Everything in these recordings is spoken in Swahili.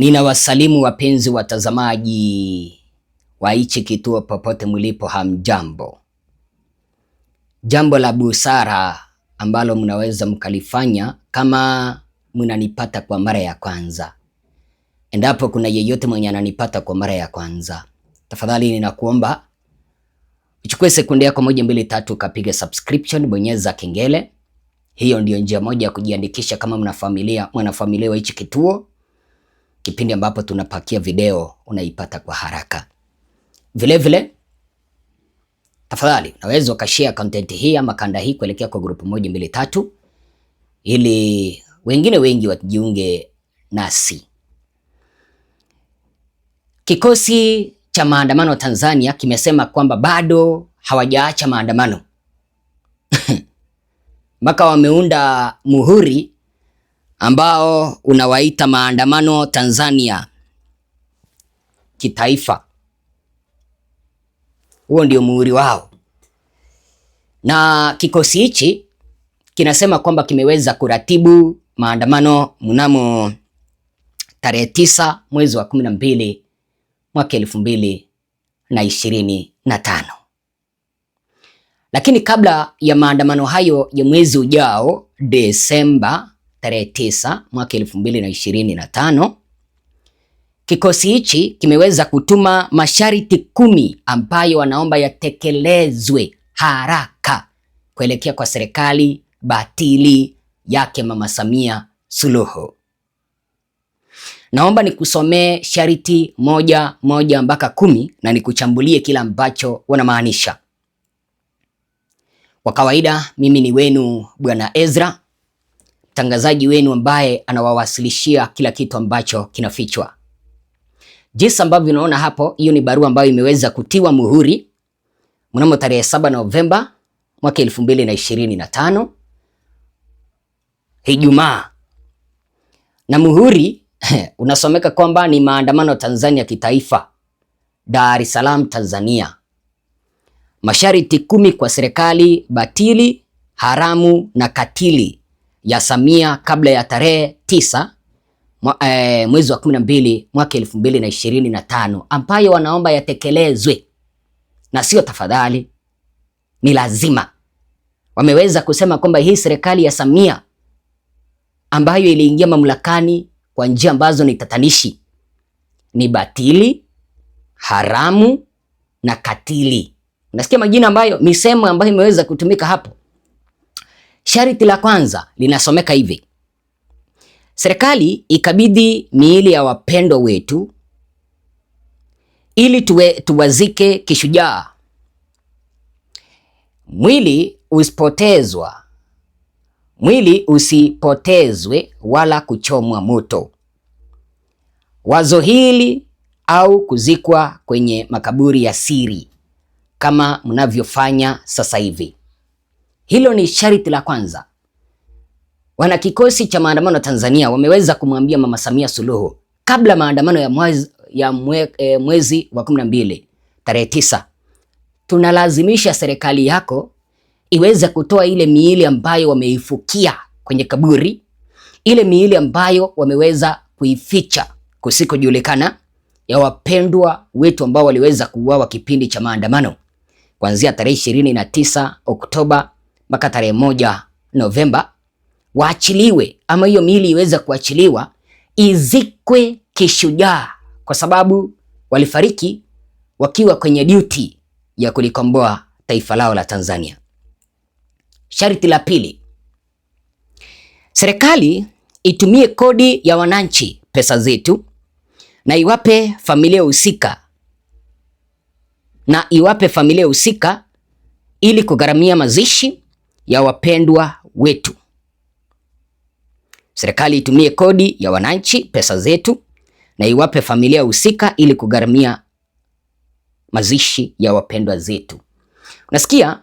Ninawasalimu wapenzi watazamaji wa hichi kituo popote mlipo, hamjambo. Jambo la busara ambalo mnaweza mkalifanya kama mnanipata kwa mara ya kwanza, endapo kuna yeyote mwenye ananipata kwa mara ya kwanza, tafadhali ninakuomba uchukue sekunde yako moja, mbili, tatu, ukapiga subscription, bonyeza kengele. Hiyo ndiyo njia moja ya kujiandikisha kama mnafamilia mwanafamilia wa hichi kituo kipindi ambapo tunapakia video unaipata kwa haraka. Vilevile vile, tafadhali unaweza ukashare content hii ama kanda hii kuelekea kwa grupu moja mbili tatu, ili wengine wengi wajiunge nasi. Kikosi cha maandamano Tanzania kimesema kwamba bado hawajaacha maandamano mpaka wameunda muhuri ambao unawaita maandamano Tanzania kitaifa. Huo ndio muhuri wao, na kikosi hichi kinasema kwamba kimeweza kuratibu maandamano mnamo tarehe tisa mwezi wa kumi na mbili mwaka elfu mbili na ishirini na tano lakini kabla ya maandamano hayo ya mwezi ujao Desemba tarehe 9 mwaka 2025. Kikosi hichi kimeweza kutuma masharti kumi ambayo wanaomba yatekelezwe haraka kuelekea kwa serikali batili yake Mama Samia Suluhu. Naomba nikusomee sharti moja moja mpaka kumi na nikuchambulie kila ambacho wanamaanisha. Kwa kawaida mimi ni wenu Bwana Ezra mtangazaji wenu ambaye anawawasilishia kila kitu ambacho kinafichwa. Jinsi ambavyo unaona hapo, hiyo ni barua ambayo imeweza kutiwa muhuri mnamo tarehe 7 Novemba mwaka 2025 Ijumaa, na muhuri unasomeka kwamba ni maandamano Tanzania kitaifa, Dar es Salaam, Tanzania. Masharti kumi kwa serikali batili, haramu na katili ya Samia kabla ya tarehe tisa eh, mwezi wa kumi na mbili mwaka elfu mbili na ishirini na tano ambayo wanaomba yatekelezwe na sio tafadhali, ni lazima. Wameweza kusema kwamba hii serikali ya Samia ambayo iliingia mamlakani kwa njia ambazo ni tatanishi, ni batili, haramu na katili. unasikia majina ambayo, misemo ambayo imeweza kutumika hapo Sharti la kwanza linasomeka hivi: serikali ikabidhi miili ya wapendwa wetu ili tuwe, tuwazike kishujaa. Mwili usipotezwa, mwili usipotezwe wala kuchomwa moto. Wazo hili au kuzikwa kwenye makaburi ya siri kama mnavyofanya sasa hivi. Hilo ni sharti la kwanza. Wana kikosi cha maandamano Tanzania wameweza kumwambia Mama Samia Suluhu kabla maandamano ya mwezi, ya mwe, e, mwezi wa 12 tarehe tisa tunalazimisha serikali yako iweze kutoa ile miili ambayo wameifukia kwenye kaburi, ile miili ambayo wameweza kuificha kusikojulikana ya wapendwa wetu ambao waliweza kuuawa kipindi cha maandamano kuanzia tarehe 29 Oktoba mpaka tarehe moja Novemba waachiliwe, ama hiyo miili iweze kuachiliwa izikwe kishujaa, kwa sababu walifariki wakiwa kwenye duty ya kulikomboa taifa lao la Tanzania. Sharti la pili, serikali itumie kodi ya wananchi, pesa zetu, na iwape familia husika na iwape familia husika ili kugharamia mazishi ya wapendwa wetu. Serikali itumie kodi ya wananchi, pesa zetu, na iwape familia husika ili kugharamia mazishi ya wapendwa zetu. Unasikia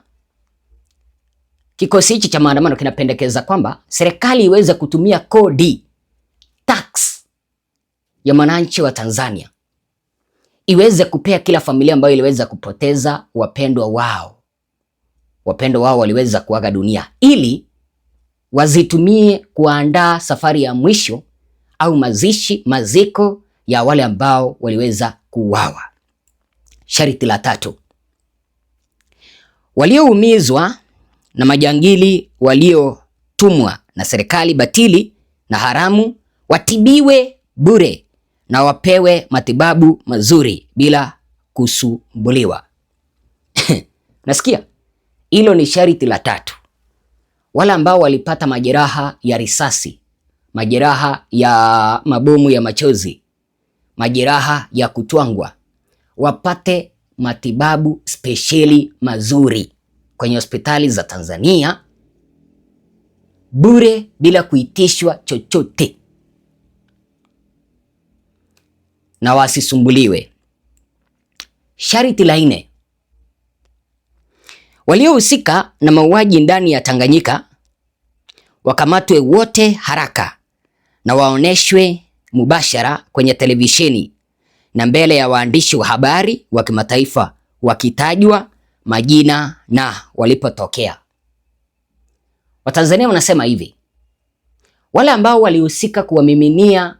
kikosi hichi cha maandamano kinapendekeza kwamba serikali iweze kutumia kodi tax ya mwananchi wa Tanzania iweze kupea kila familia ambayo iliweza kupoteza wapendwa wao wapendo wao waliweza kuaga dunia ili wazitumie kuandaa safari ya mwisho au mazishi, maziko ya wale ambao waliweza kuuawa. Sharti la tatu, walioumizwa na majangili waliotumwa na serikali batili na haramu watibiwe bure na wapewe matibabu mazuri bila kusumbuliwa. Nasikia? Hilo ni sharti la tatu. Wale ambao walipata majeraha ya risasi, majeraha ya mabomu ya machozi, majeraha ya kutwangwa wapate matibabu spesheli mazuri kwenye hospitali za Tanzania bure bila kuitishwa chochote, na wasisumbuliwe. Sharti la nne Waliohusika na mauaji ndani ya Tanganyika wakamatwe wote haraka na waoneshwe mubashara kwenye televisheni na mbele ya waandishi wa habari wa kimataifa wakitajwa majina na walipotokea. Watanzania wanasema hivi, wale ambao walihusika kuwamiminia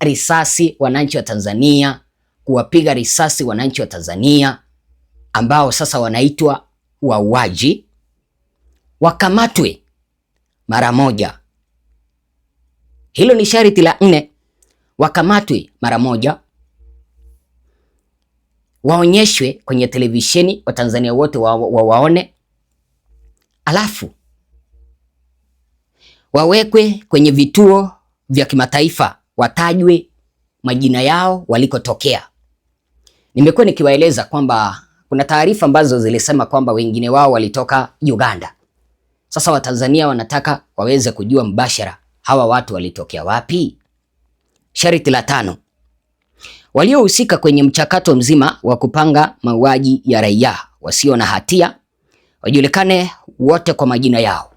risasi wananchi wa Tanzania, kuwapiga risasi wananchi wa Tanzania ambao sasa wanaitwa wauaji wakamatwe mara moja. Hilo ni sharti la nne, wakamatwe mara moja, waonyeshwe kwenye televisheni, Watanzania wote wa, wa, waone, alafu wawekwe kwenye vituo vya kimataifa, watajwe majina yao walikotokea. Nimekuwa nikiwaeleza kwamba kuna taarifa ambazo zilisema kwamba wengine wao walitoka Uganda. Sasa Watanzania wanataka waweze kujua mbashara hawa watu walitokea wapi. Sharti la tano, waliohusika kwenye mchakato mzima wa kupanga mauaji ya raia wasio na hatia wajulikane wote kwa majina yao.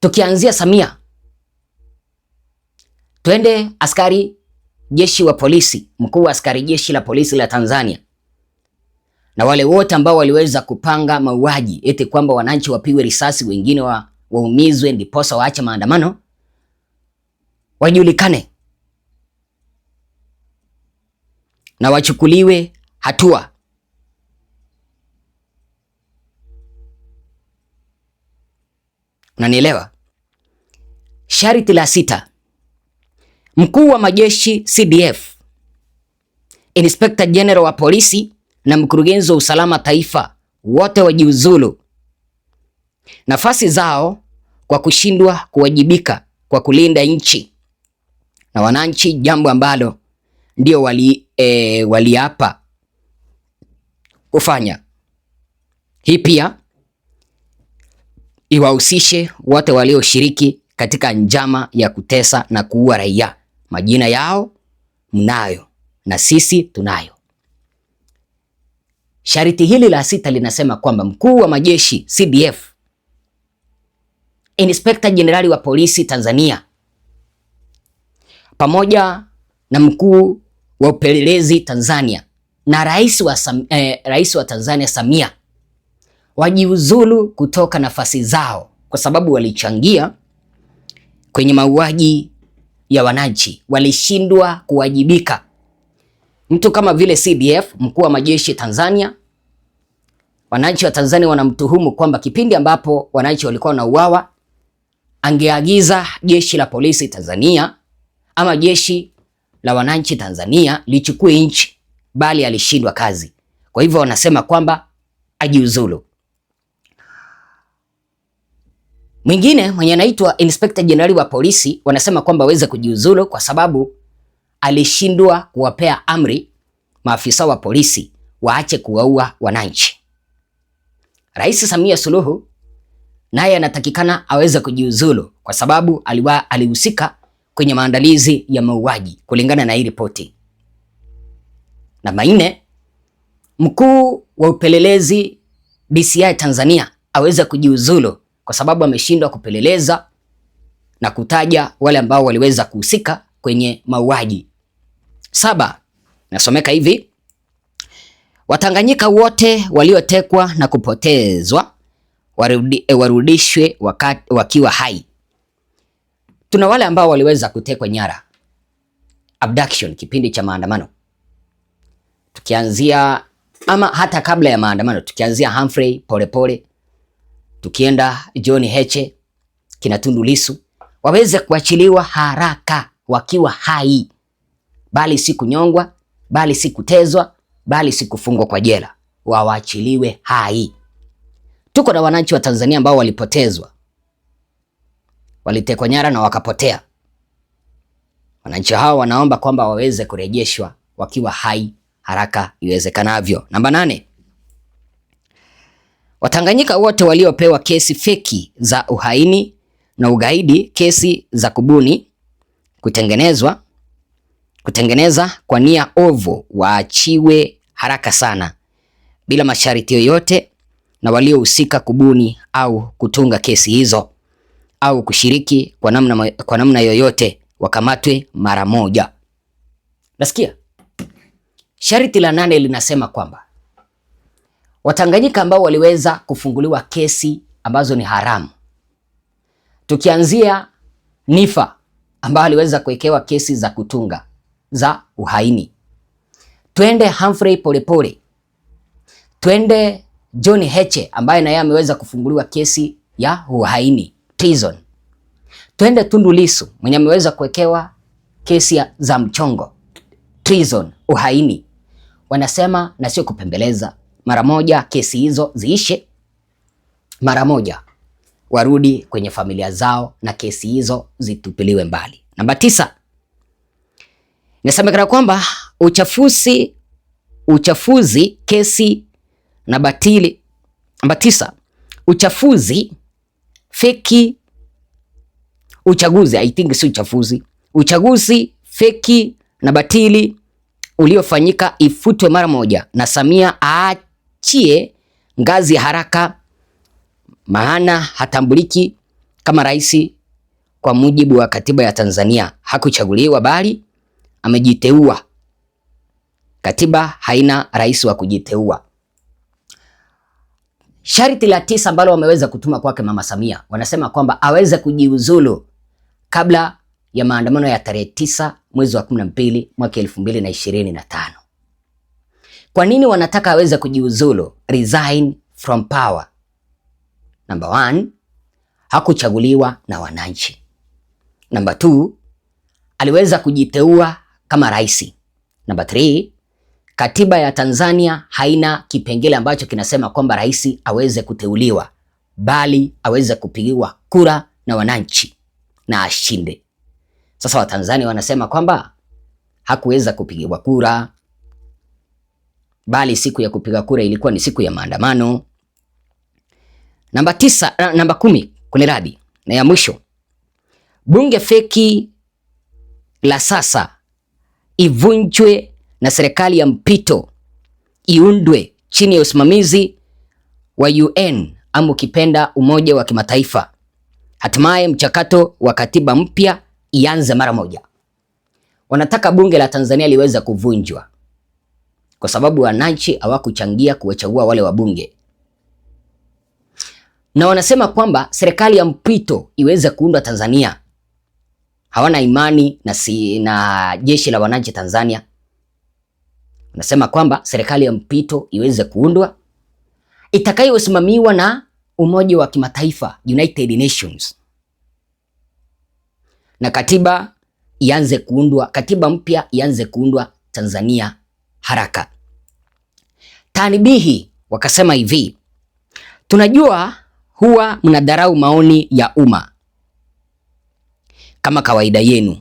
Tukianzia Samia, twende askari jeshi wa polisi, mkuu wa askari jeshi la polisi la Tanzania na wale wote ambao waliweza kupanga mauaji eti kwamba wananchi wapigwe risasi, wengine wa, waumizwe ndiposa waache maandamano wajulikane na wachukuliwe hatua. Unanielewa? Sharti la sita Mkuu wa majeshi CDF, Inspector General wa polisi na mkurugenzi wa usalama taifa wote wajiuzulu nafasi zao kwa kushindwa kuwajibika kwa kulinda nchi na wananchi, jambo ambalo ndio wali e, waliapa kufanya. Hii pia iwahusishe wote walioshiriki katika njama ya kutesa na kuua raia. Majina yao mnayo na sisi tunayo. Sharti hili la sita linasema kwamba mkuu wa majeshi CDF, Inspekta Jenerali wa polisi Tanzania, pamoja na mkuu wa upelelezi Tanzania na rais wa, eh, rais wa Tanzania Samia wajiuzulu kutoka nafasi zao kwa sababu walichangia kwenye mauaji ya wananchi, walishindwa kuwajibika. Mtu kama vile CDF, mkuu wa majeshi Tanzania, wananchi wa Tanzania wanamtuhumu kwamba kipindi ambapo wananchi walikuwa wanauawa angeagiza jeshi la polisi Tanzania ama jeshi la wananchi Tanzania lichukue nchi, bali alishindwa kazi. Kwa hivyo wanasema kwamba ajiuzulu. Mwingine mwenye anaitwa Inspector Jenerali wa polisi wanasema kwamba aweze kujiuzulu kwa sababu alishindwa kuwapea amri maafisa wa polisi waache kuwaua wananchi. Rais Samia Suluhu naye anatakikana aweze kujiuzulu kwa sababu aliwa alihusika kwenye maandalizi ya mauaji kulingana na hii ripoti. Namba nne, mkuu wa upelelezi DCI Tanzania aweze kujiuzulu kwa sababu ameshindwa kupeleleza na kutaja wale ambao waliweza kuhusika kwenye mauaji. Saba, nasomeka hivi: Watanganyika wote waliotekwa na kupotezwa warudi, e, warudishwe wakati, wakiwa hai. Tuna wale ambao waliweza kutekwa nyara abduction, kipindi cha maandamano tukianzia ama hata kabla ya maandamano tukianzia Humphrey Polepole tukienda John Heche kina Tundu Lissu waweze kuachiliwa haraka wakiwa hai, bali si kunyongwa, bali si kutezwa, bali si kufungwa kwa jela, wawachiliwe hai. Tuko na wananchi wa Tanzania ambao walipotezwa, walitekwa nyara na wakapotea. Wananchi hao wanaomba kwamba waweze kurejeshwa wakiwa hai haraka iwezekanavyo. Namba nane. Watanganyika wote waliopewa kesi feki za uhaini na ugaidi, kesi za kubuni, kutengenezwa, kutengeneza kwa nia ovu waachiwe haraka sana bila masharti yoyote, na waliohusika kubuni au kutunga kesi hizo au kushiriki kwa namna, kwa namna yoyote wakamatwe mara moja. Nasikia sharti la nane linasema kwamba Watanganyika ambao waliweza kufunguliwa kesi ambazo ni haramu, tukianzia Nifa ambao aliweza kuwekewa kesi za kutunga za uhaini, twende Humphrey Polepole, twende John Heche ambaye naye ameweza kufunguliwa kesi ya uhaini treason, twende Tundu Lissu mwenye ameweza kuwekewa kesi za mchongo treason, uhaini. Wanasema na sio kupembeleza mara moja, kesi hizo ziishe mara moja, warudi kwenye familia zao na kesi hizo zitupiliwe mbali. Namba tisa, inasemekana kwamba uchafuzi uchafuzi kesi na batili. Namba tisa, uchafuzi feki uchaguzi. I think si uchafuzi, uchaguzi feki na batili uliofanyika ifutwe mara moja na Samia waachie ngazi haraka, maana hatambuliki kama rais kwa mujibu wa katiba ya Tanzania. Hakuchaguliwa bali amejiteua. Katiba haina rais wa kujiteua. Sharti la tisa ambalo wameweza kutuma kwake Mama Samia, wanasema kwamba aweze kujiuzulu kabla ya maandamano ya tarehe tisa mwezi wa 12 mwaka 2025. Kwa nini wanataka aweze kujiuzulu, resign from power? Number one, hakuchaguliwa na wananchi. Number two, aliweza kujiteua kama rais. Number three, katiba ya Tanzania haina kipengele ambacho kinasema kwamba rais aweze kuteuliwa, bali aweze kupigiwa kura na wananchi na ashinde. Sasa Watanzania wanasema kwamba hakuweza kupigiwa kura, bali siku ya kupiga kura ilikuwa ni siku ya maandamano. Namba tisa, eh, namba kumi, radi na ya mwisho, bunge feki la sasa ivunjwe na serikali ya mpito iundwe chini ya usimamizi wa UN ama ukipenda Umoja wa Kimataifa. Hatimaye mchakato wa katiba mpya ianze mara moja. Wanataka bunge la Tanzania liweze kuvunjwa kwa sababu wananchi hawakuchangia kuwachagua wale wabunge, na wanasema kwamba serikali ya mpito iweze kuundwa Tanzania. Hawana imani na, si, na jeshi la wananchi Tanzania. Wanasema kwamba serikali ya mpito iweze kuundwa itakayosimamiwa na umoja wa kimataifa United Nations, na katiba ianze kuundwa, katiba mpya ianze kuundwa Tanzania haraka. tanbihi wakasema hivi, tunajua huwa mnadharau maoni ya umma kama kawaida yenu,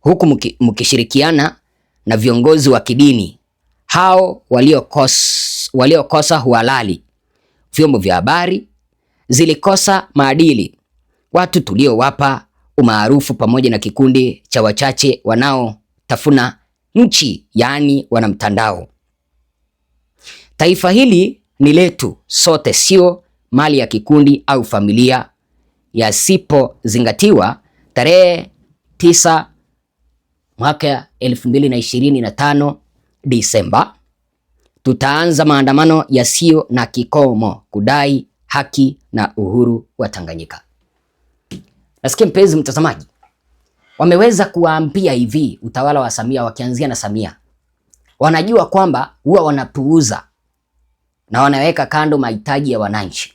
huku mkishirikiana na viongozi wa kidini hao waliokosa waliokosa uhalali, vyombo vya habari zilikosa maadili, watu tuliowapa umaarufu, pamoja na kikundi cha wachache wanaotafuna nchi, yaani wanamtandao. Taifa hili ni letu sote, sio mali ya kikundi au familia. Yasipozingatiwa, tarehe 9 mwaka 2025 Disemba, tutaanza maandamano yasiyo na kikomo kudai haki na uhuru wa Tanganyika. Nasikia mpenzi mtazamaji wameweza kuwaambia hivi utawala wa Samia wakianzia na Samia, wanajua kwamba huwa wanapuuza na wanaweka kando mahitaji ya wananchi.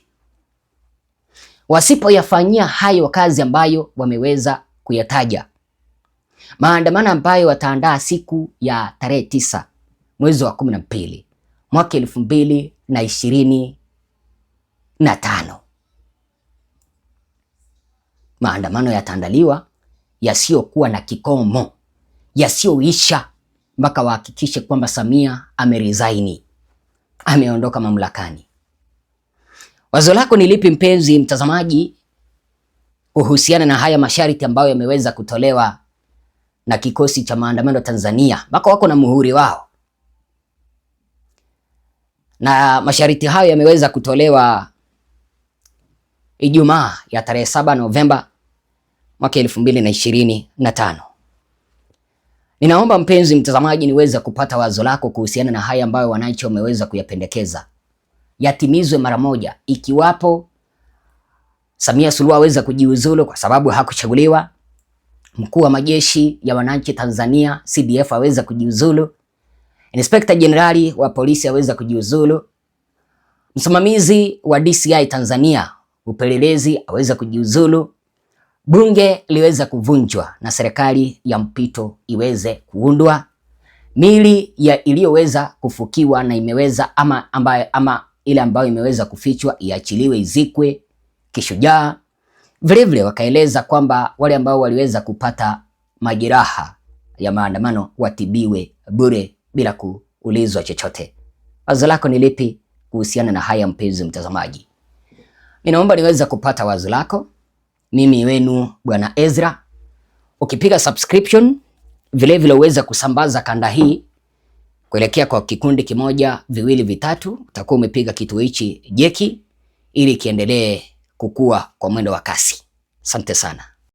Wasipoyafanyia hayo kazi ambayo wameweza kuyataja, maandamano ambayo wataandaa siku ya tarehe tisa mwezi wa kumi na mbili mwaka elfu mbili na ishirini na tano maandamano yataandaliwa yasiyokuwa na kikomo, yasiyoisha mpaka wahakikishe kwamba Samia ameresign, ameondoka mamlakani. Wazo lako ni lipi mpenzi mtazamaji kuhusiana na haya masharti ambayo yameweza kutolewa na kikosi cha maandamano Tanzania, mpaka wako na muhuri wao, na masharti hayo yameweza kutolewa Ijumaa ya tarehe 7 Novemba mwaka elfu mbili na ishirini na tano. Ninaomba mpenzi mtazamaji, niweze kupata wazo lako kuhusiana na haya ambayo wananchi wameweza kuyapendekeza yatimizwe mara moja, ikiwapo Samia Suluhu aweza kujiuzulu kwa sababu hakuchaguliwa, mkuu wa majeshi ya wananchi Tanzania CDF aweza kujiuzulu, Inspekta Jenerali wa polisi aweza kujiuzulu, msimamizi wa DCI Tanzania upelelezi aweza kujiuzulu, bunge liweze kuvunjwa na serikali ya mpito iweze kuundwa, mili ya iliyoweza kufukiwa na imeweza ama, ambayo, ama ile ambayo imeweza kufichwa iachiliwe izikwe kishujaa. Vilevile wakaeleza kwamba wale ambao waliweza kupata majeraha ya maandamano watibiwe bure bila kuulizwa chochote. Wazo lako ni lipi kuhusiana na haya, mpenzi mtazamaji? Ninaomba niweza kupata wazo lako mimi wenu Bwana Ezra. Ukipiga subscription vilevile uweza kusambaza kanda hii kuelekea kwa kikundi kimoja viwili vitatu, utakuwa umepiga kitu hichi jeki ili kiendelee kukua kwa mwendo wa kasi. Asante sana.